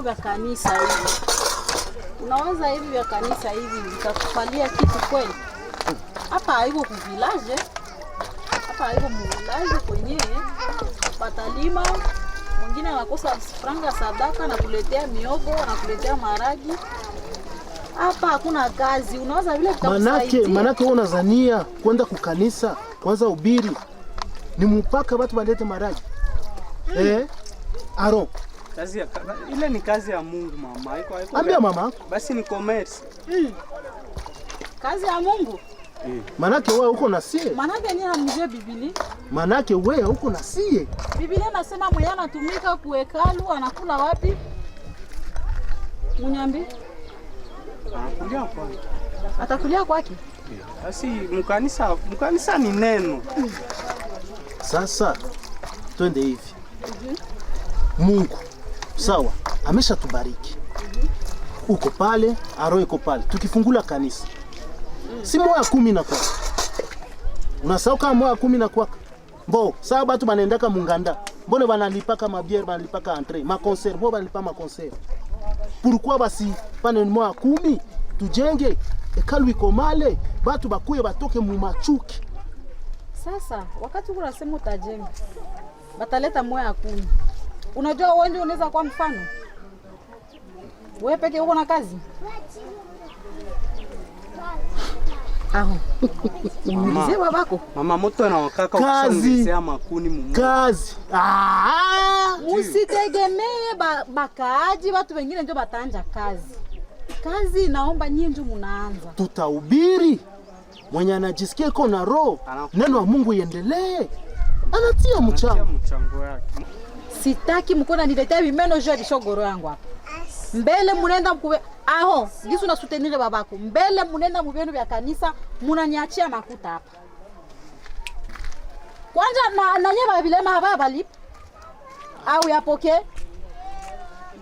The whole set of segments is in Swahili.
vyako vya kanisa hivi. Unaweza hivi vya kanisa hivi vikakufalia kitu kweli? Hapa haiko kuvilaje, hapa haiko muvilaje kwenye patalima mwingine anakosa franga sadaka, nakuletea miogo, nakuletea maragi. Hapa hakuna kazi, unaweza vile manake, manake wewe unazania kwenda kukanisa kwanza ubiri ni mpaka watu walete maragi mm. Eh, aro Kazi ya, ile ni kazi ya Mungu mama. Ambia mama. Basi ni commerce. Mm. Kazi ya Mungu. Mm. Manake wewe uko na sie. Manake ni amje bibili Manake wewe uko na sie. Bibili anasema mwenye anatumika kuwekalu anakula wapi? Munyambi. Anakulia kwake. Atakulia kwake. Basi mkanisa, mkanisa ni neno. Mm. Sasa twende hivi. Mm -hmm. Mungu sawa, ameshatubariki uko pale, aro iko pale. Tukifungula kanisa si moya kumi na kwaka, unasahau kama moya kumi na kwaka mbo sawa. Batu banaendaka munganda mbone banalipaka mabiere, banalipaka entre makonser, mbo banalipa makonser. Pourquoi basi pane moya kumi tujenge ekalu iko batu bakuye batoke mumachuki. Sasa wakati kuna utajenga, bataleta moya kumi Unajua wewe ndio unaweza kuwa mfano. Wewe peke uko na kazi Aho. Mama, babako. Mama moto na kaka kazi. Makuni mumu. Kazi. Ah! Usitegemee ba, bakaaji watu wengine ndio batanja kazi. Kazi naomba nyinyi ndio mnaanza. Tutahubiri. Mwenye anajisikia iko na roho, neno wa Mungu iendelee. Anatia mchango. Anatia mchango wake. Sitaki mkona niletea vimeno juu ya bishogoro yangu hapa. Mbele munenda mkuwe aho, gisu na sutenire babako. Mbele munenda mvyenu vya kanisa, munaniachia makuta hapa. Kwanza na nanye ba vilema hapa bali. Au yapokee?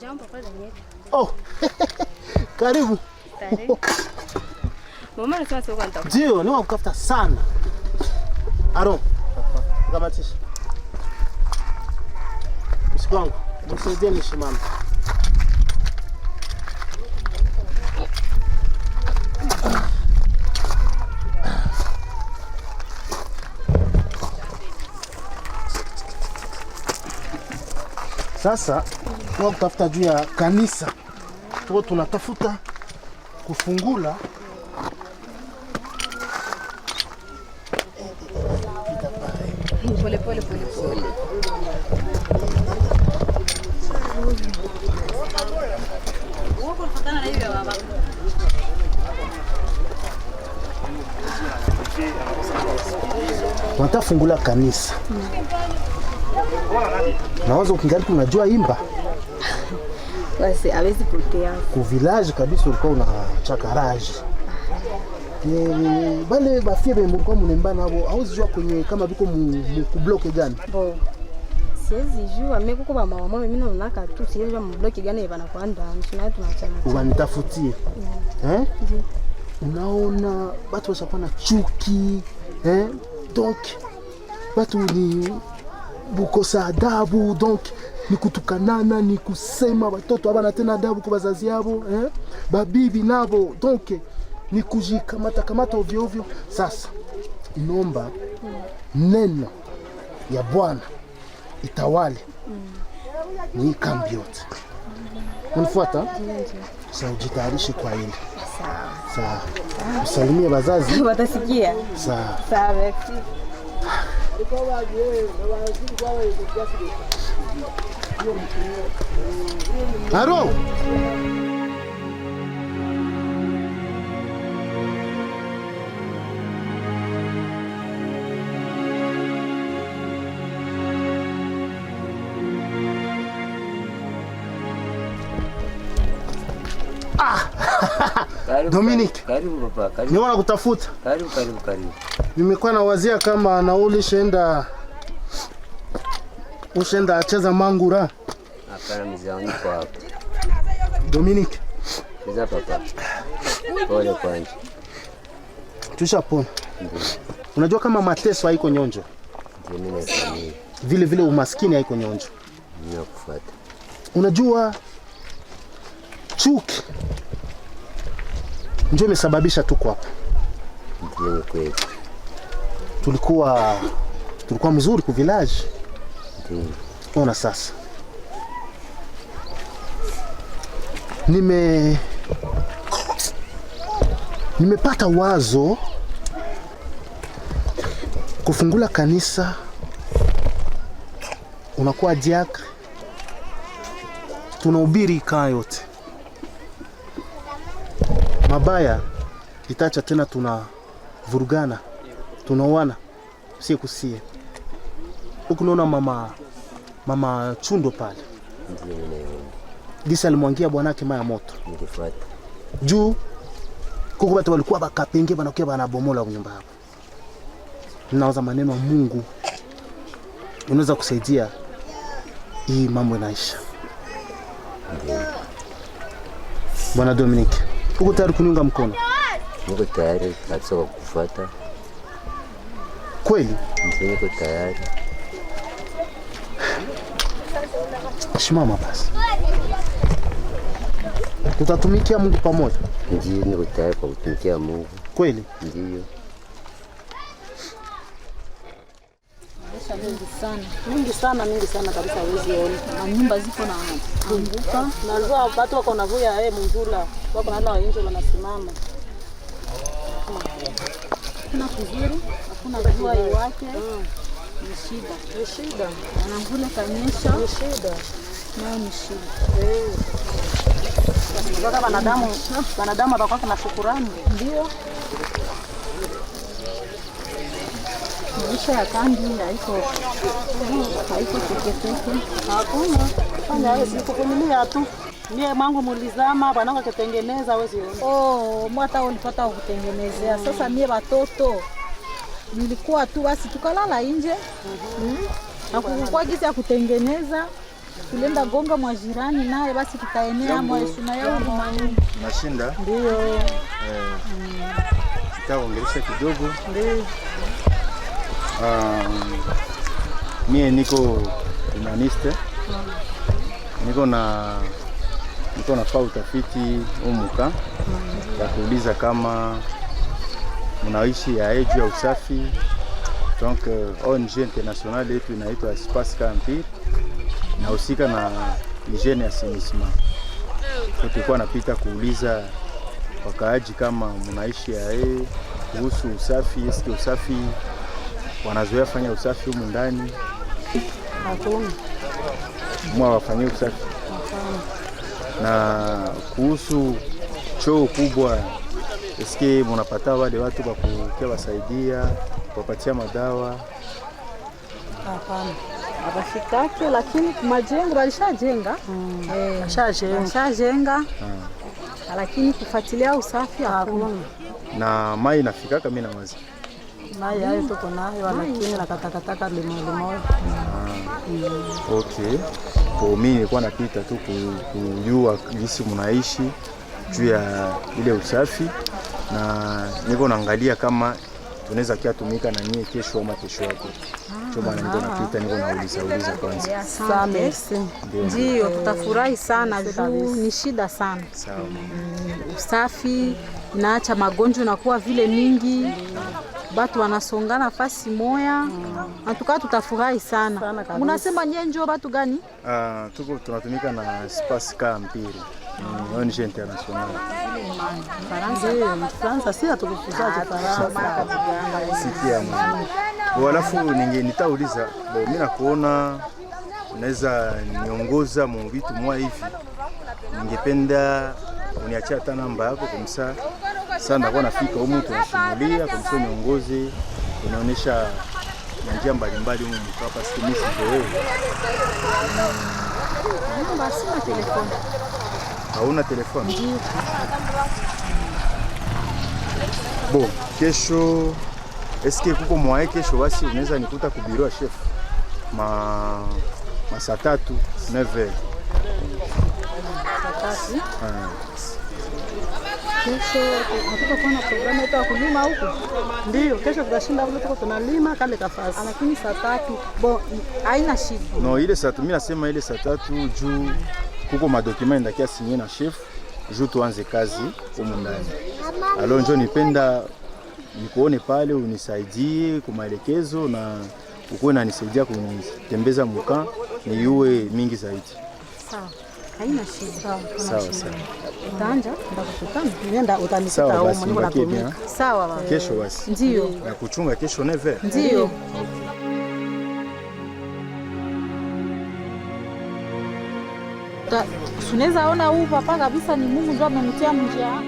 Jambo kwa lenyewe. Oh. Karibu. Mama anasema sio kwa Ndio, ni wakukafuta sana. Aro. Kamatisha mtoto wangu, msaidie nisimame. Sasa kutafuta juu ya kanisa, tuko tunatafuta kufungula kufungula kanisa mm. Nawaza ukingaliki unajua imba basi Kuvilaji kabisa ulikuwa una chakaraji bale bafie be mulikuwa munemba nabo hawezi jua kwenye kama viko mukubloke gani bo jua tu jua mbloke gani kwa ubanitafutie mm. eh mm. unaona watu wasapana chuki eh donc batu ni bukosa adabu donc ni kutukanana, ni kusema watoto habana tena adabu kwa wazazi yao eh? Babibi nabo donc ni kujikamata kamata ovyo ovyo. Sasa inomba neno ya Bwana itawale ni kambi yote. Unifuata? Sasa ujitayarishe kwa hili. Sawa. Usalimie wazazi. Watasikia. Sawa. Sawa. Haro. Ah. Dominic. Karibu baba, karibu. Niona kutafuta. Karibu, karibu, karibu. Nimekuwa nawazia kama Nauli shenda ushenda acheza mangura. Hapana, mizaniko hapo. Dominic. Kiza papa. Pole kwanza. Tushapona. Unajua kama mateso haiko nyonjo. Vile vile umaskini haiko nyonjo. Ninakufuata. Unajua chuki ndio imesababisha tuko hapa. Ndio kweli tulikuwa tulikuwa mzuri ku village. Ona sasa nime nimepata wazo kufungula kanisa, unakuwa diakre, tunahubiri kaa yote mabaya itacha tena, tunavurugana tunaoana siku sie ukunaona mama mama Chundo pale gisi alimwangia bwanake maya moto juu kuku batu walikuwa bakapenge banakuya banabomola nyumba yako. naoza maneno ya Mungu unaweza kusaidia hii mambo inaisha. Bwana Dominic, uko tayari kuniunga mkono? Niko tayari kabisa kweli? Niko tayari. Simama basi, tutatumikia Mungu pamoja. Ndio, niko tayari kwa kutumikia Mungu. Kweli? Ndio. Mingi sana mingi sana mingi sana kabisa, huwezi ona na nyumba ziko na kumbuka, najua watu wako navuya eh, mvula wako nala nje wanasimama hakuna kuzuri, hakuna jua iwake, ni shida, ni shida. Anangule kanyesha, ni shida, nayo ni shida. Aa, wanadamu wanadamu watakuwa na shukurani, ndio maisha ya kambi haiko teketeke, hakuna anaye sikuvumilia tu Mie mwangu mulizama bwanangu akitengeneza wezi. Oh, mwata ulipata tota kutengenezea. Mm. Sasa mie watoto nilikuwa tu basi tukalala inje mhm. Mm. kukukua gizi ya kutengeneza. Tulienda gonga mwa jirani naye basi tutaenea mwa suna yangu mani. Nashinda? Ndio. Eh. Mm. Tutaongelesha kidogo. Ndio. Um, mie niko humaniste. Mm. Niko na mtu nafaa utafiti umuka ya kuuliza kama mnaishi ya eju ya usafi. Donc ONG internationale yetu inaitwa Espace Campir nahusika na hygiene ya sinisma. Tulikuwa napita kuuliza wakaaji kama mnaishi yae kuhusu usafi, eske usafi wanazoea fanya usafi humu ndani, mwa wafanyie usafi na kuhusu choo kubwa, eske munapata wale watu wakukia wasaidia wapatia madawa? Hapana, abashikake, lakini majengo walishajenga hmm. hmm. Lakini kufuatilia usafi ah, hakuna, na mai nafikaka mimi nawazi mai hayo tuko nayo, lakini na limo limo. Okay hapo, mimi nilikuwa napita tu kujua jinsi mnaishi juu ya ile usafi, na niko naangalia kama tunaweza kia tumika na nyie kesho ama kesho yake. Ndio maana niko napita, niko nauliza uliza kwanza. Ndio, tutafurahi sana juu ni shida sana. Sawa. Usafi naacha magonjwa nakuwa vile mingi batu wanasongana fasi moya mm. Antukaa tutafurahi sana, sana munasema nye njo batu gani? Uh, tuko tunatumika na space ka mpiri mm, onishe international eh, sikia ah, mwana. Mm. Alafu ninge nitauliza bo, mimi nakuona unaweza niongoza mu vitu mwa hivi, ningependa uniachia hata namba yako kumsa sasa ndakuwa nafika humu, tunashumulia kamsa nyongozi unaonyesha na njia mbalimbali humu hapa simisi zoe. Hauna telefoni? Bo, kesho eske kuko mwae kesho basi unaweza nikuta kubirua chef ma masaa tatu 9h kesho hatuko na programu yetu ya kulima huku, ndio kesho tutashinda huko, tuko tunalima kale kafasi, lakini saa tatu bo haina shida. No, ile saa tatu mimi nasema ile saa tatu juu kuko madocument ndakia sinye na chef juu tuanze kazi huko ndani. Alo njo nipenda nikuone pale unisaidie kwa maelekezo na ukuwe nanisaidia kunitembeza muka niuwe mingi zaidi. Sawa haina eh? kesho basi. Ndio na kuchunga kesho neve. Ndio. Tunaweza ona huu papa kabisa, ni Mungu ndio amenitia mjia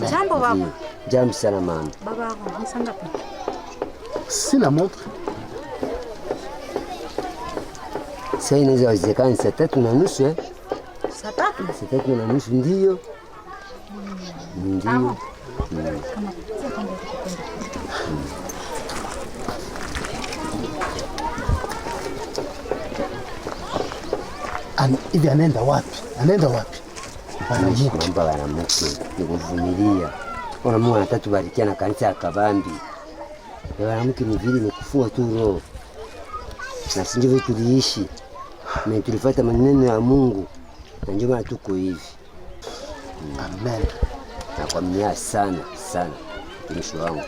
Jambo baba. Jambo sana mama. Baba yako ni saa ngapi? Sina montre. Sasa inaweza wezekana saa tatu na nusu eh? Saa tatu? Saa tatu na nusu ndio. Ndio. Hivi anaenda wapi? Anaenda wapi? kuramba baramuke nikuvumilia ona Mungu anatatubariki na kanisa ya kabambi baramuke ni vile nikufua tu roho na sinjivyo tuliishi na tulifata maneno ya Mungu na ndio maana tuko hivi amen nakwamia sana sana mtumishi wangu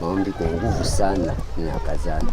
maombi kwa nguvu sana na kazana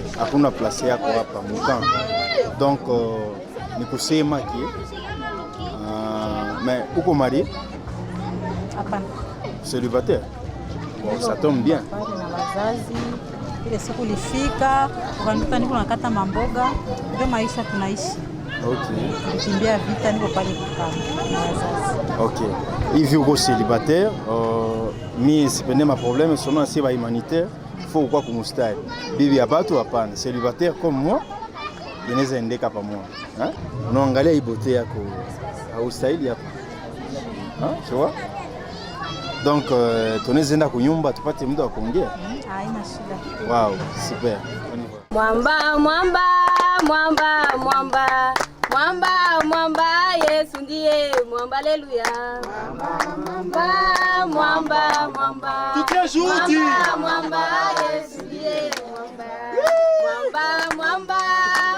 hakuna place yako hapa Mukan. Donc euh, ni kusema ki euh, mais uko mari? Hapana. Célibataire? Bon, ça tombe bien. Ile siku lifika ukanikuta niko nakata mamboga, ndio maisha tunaishi. Okay. Nikimbia vita niko pale Okay. Hivi uko celibataire uh, mi sipende ma problème seulement si faut kwa kumustari bibi ya batu hapana, célibataire comme moi inaweza endeka pamoja. Unaangalia ibote yako au style yako, tu vois donc uh, tunaweza enda kunyumba tupate ah, muda wa kuongea. Haina shida. super. Mwamba mwamba mwamba mwamba mwamba, haleluya. Mwamba, mwamba, mwamba. Tutie shuhuda. Mwamba, mwamba, Yesu ndiye mwamba. Mwamba, mwamba,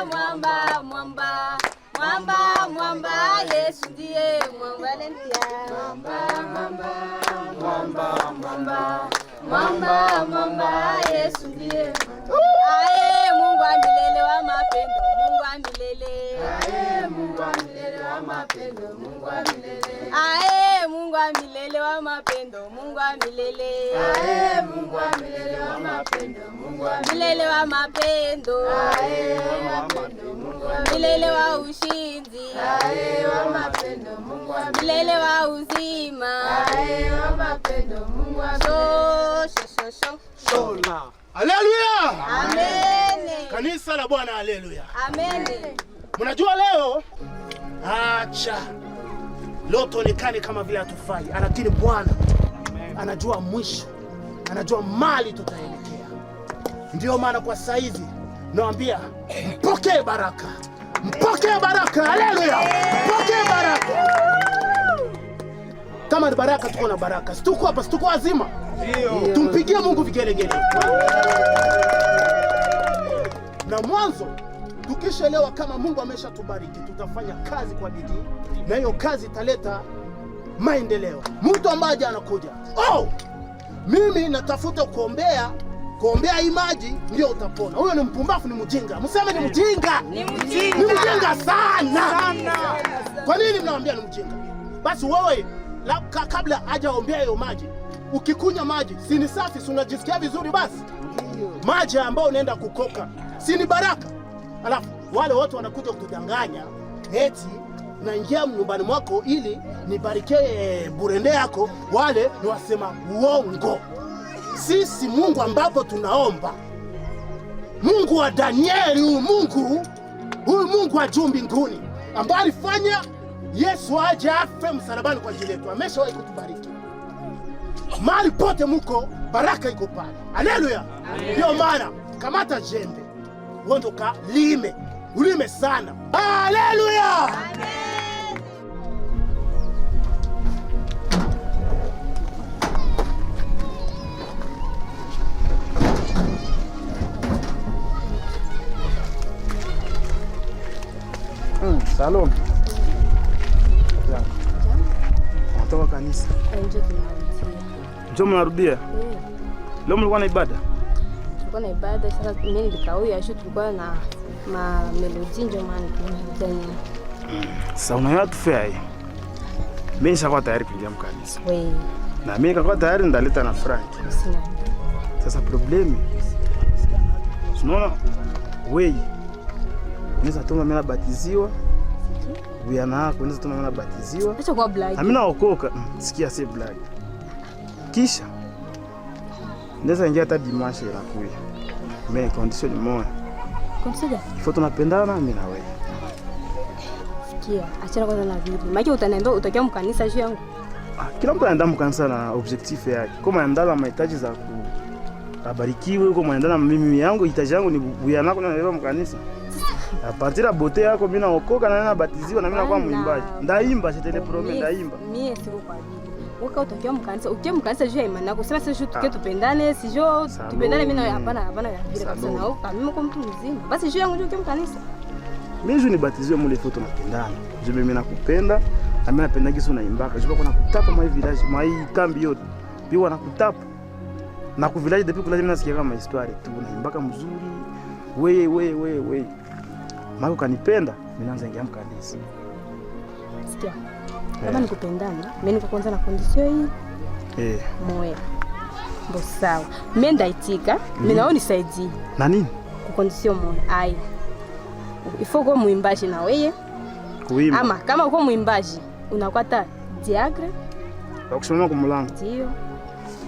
mwamba, mwamba. Mwamba, mwamba, Yesu ndiye mwamba, haleluya. Mwamba, mwamba, mwamba, mwamba. Mwamba, mwamba, Yesu ndiye Ae, Mungu milele wa mapendo, Mungu wa milele. wa milele milele. wa uzima. Ae, Haleluya. Amen. Kanisa la Bwana haleluya. Amen. Mnajua leo acha leo tuonekane kama vile hatufai, lakini Bwana anajua mwisho, anajua mali tutaelekea. Ndiyo maana kwa sasa hivi nawaambia mpokee baraka, mpokee baraka. Haleluya, mpokee baraka. Kama baraka, tuko na baraka, situko hapa, situko wazima tumpigie Mungu vigelegele. Na mwanzo tukishaelewa kama Mungu ameshatubariki, tutafanya kazi kwa bidii, na hiyo kazi italeta maendeleo. Mtu ambaye anakuja oh, mimi natafuta kuombea kuombea hii maji ndio utapona. Huyo ni mpumbafu, ni mjinga. Mseme ni mjinga, ni mjinga sana, Kwa nini mnawambia ni mjinga? Basi wewe kabla hajaombea hiyo maji Ukikunywa maji si ni safi? Si unajisikia vizuri? Basi maji ambayo unaenda kukoka si ni baraka? Alafu wale wote wanakuja kudanganya eti naingia nyumbani mwako ili nibarikie eh, burende yako. Wale ni wasema uongo. Sisi Mungu ambapo tunaomba Mungu wa Danieli, huyu Mungu huyu Mungu wa juu mbinguni ambaye alifanya Yesu aje afe msalabani kwa ajili yetu, ameshawahi kutubariki. Mali pote muko baraka iko pale. Haleluya! Ndiyo maana kamata jembe wondoka lime ulime sana. Haleluya! Mm, Salome. Unatoka kanisa? Njoo mnarudia. Mm. Leo mlikuwa na ibada? Tulikuwa na ibada, sasa mimi nilikauya sio tulikuwa na ma melodi njoo maana tunarudia. Sasa unaona fair. Mimi nishakuwa tayari kuingia mkanisa. Wewe. Na mimi nikakuwa tayari ndaleta na Frank. Sina. Sasa problemi. Unaona wewe unaweza tuma mimi nabatiziwa. Wewe na yako unaweza tuma mimi nabatiziwa. Acha kwa black. mimi naokoka. Mm, sikia si black kisha ndeza ingia hata dimanche inakuya. Me condition ni moja. Condition gani? Ifo tunapendana mimi na wewe. Sikia, achana kwanza na vipi? Maana utaniambia utakia mkanisa juu yangu. Ah, kila mtu anaenda mkanisa na objectif yake. Kama anaenda na mahitaji za ku abarikiwe, kama anaenda na mimi yangu, hitaji yangu ni buya nako na leo mkanisa. A partir ya bote yako mimi naokoka na nina batiziwa na mimi nakuwa mwimbaji. Ndaimba, je te le promets, ndaimba. Mimi siko kwa ajili Weka utakiwa mkanisa, ukiwa mkanisa juu ya imani yako. Sema sisi tukie ah. tupendane, sio tupendane mimi na hapana hapana ya vile kabisa na huko. Mimi kwa mtu mzima. Basi juu yangu juu ukiwa mkanisa. Mimi juu nibatizwe mule foto napendana. Juu mimi nakupenda, na mimi napenda kisu na Juu kuna kutapa mai village, mai kambi yote. Biwa nakutapa. Na ku village depuis kula mimi nasikia kama historia tu na imbaka mzuri. Wewe wewe wewe. Mako kanipenda, mimi naanza ingia mkanisa. Sikia. Kama eh. nikupendana, mimi niko kwanza na kondisio hii. Eh. Moya. Ndo sawa. Mimi ndaitika, mm-hmm. mimi nao nisaidie. Na nini? Kukondisio moya. Ai. Ifo kwa muimbaji na wewe. Kuimba. Ama kama uko muimbaji, unakwata diagra. Bakusimama kwa mlango. Ndio.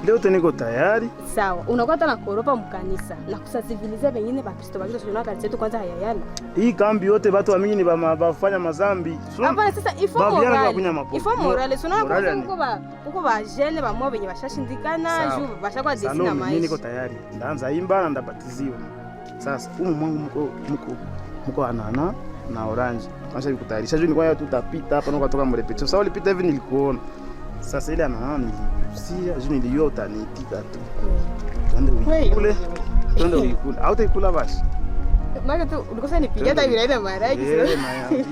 Leo tena niko tayari. Sawa. Unakuwa tena koropa mkanisa na kusasivilize wengine ba Kristo ba Kristo tunaka kanisa yetu kwanza hayayani. Hii kambi yote watu ni ba bafanya mazambi. Hapa Hapana sasa ifo morale. Ifo morale. Unaona kwa uko ba uko ba jene ba mwa wenye bashashindikana, ju bashakwa desi na maisha. Mimi niko tayari. Ndaanza imba na ndabatiziwa. Sasa huyu mwangu mko mko mko anana na orange. Acha nikutayarisha juu ni kwa tutapita hapa na kutoka mrepetisho. Sasa ulipita hivi nilikuona. Sasa maman. Si je ne dis pas, tu. Twende uikule. tu as Au utaikula basi? Maana tu ulikosa nipige tu as ile mara yake.